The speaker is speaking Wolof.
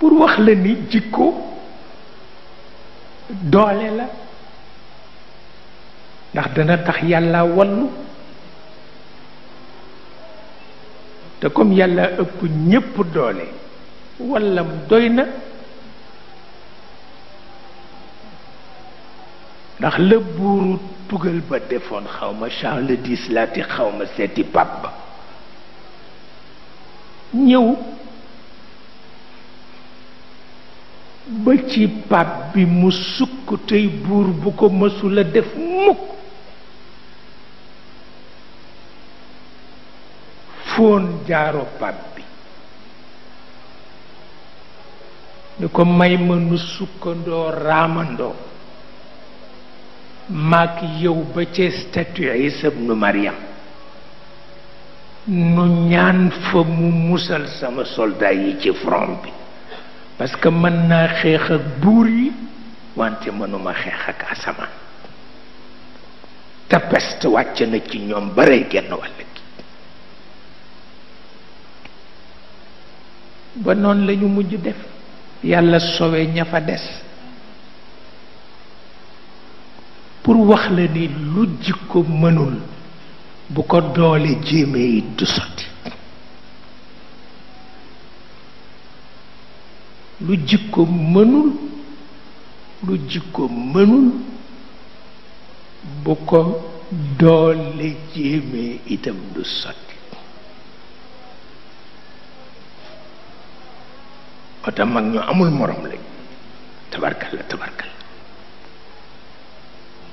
pour wax la ni jikko doole la ndax dana tax yàlla wallu te comme yàlla ëpp ñépp doole wallam doy na ndax la buuru tugal ba defoon xaw xawma Charles X laati xaw ma seeti pap ñëw ba ci pap bi mu sukk tey buur bu ko mësula def mukk foon jaaro pap bi ni ko may ma nu sukkandoo raamandoo maak yow ba ci statue Isa ibnu Maryam nu ñaan fa mu musal sama soldat yi ci front bi parce que mën naa xeex ak buur yi wante mënuma xeex ak asamaan te wàcc na ci ñoom barey genn wàll gi ba noon lañu mujj def yàlla sowe ña fa des pour wax la ni lu jikko mënul bu ko doole jéemee it du sotti lu jikko mënul lu jikko mënul bu ko doole jéemee itam du sotti moo tax mag ñu amul morom lañ tabarkal la tabarkal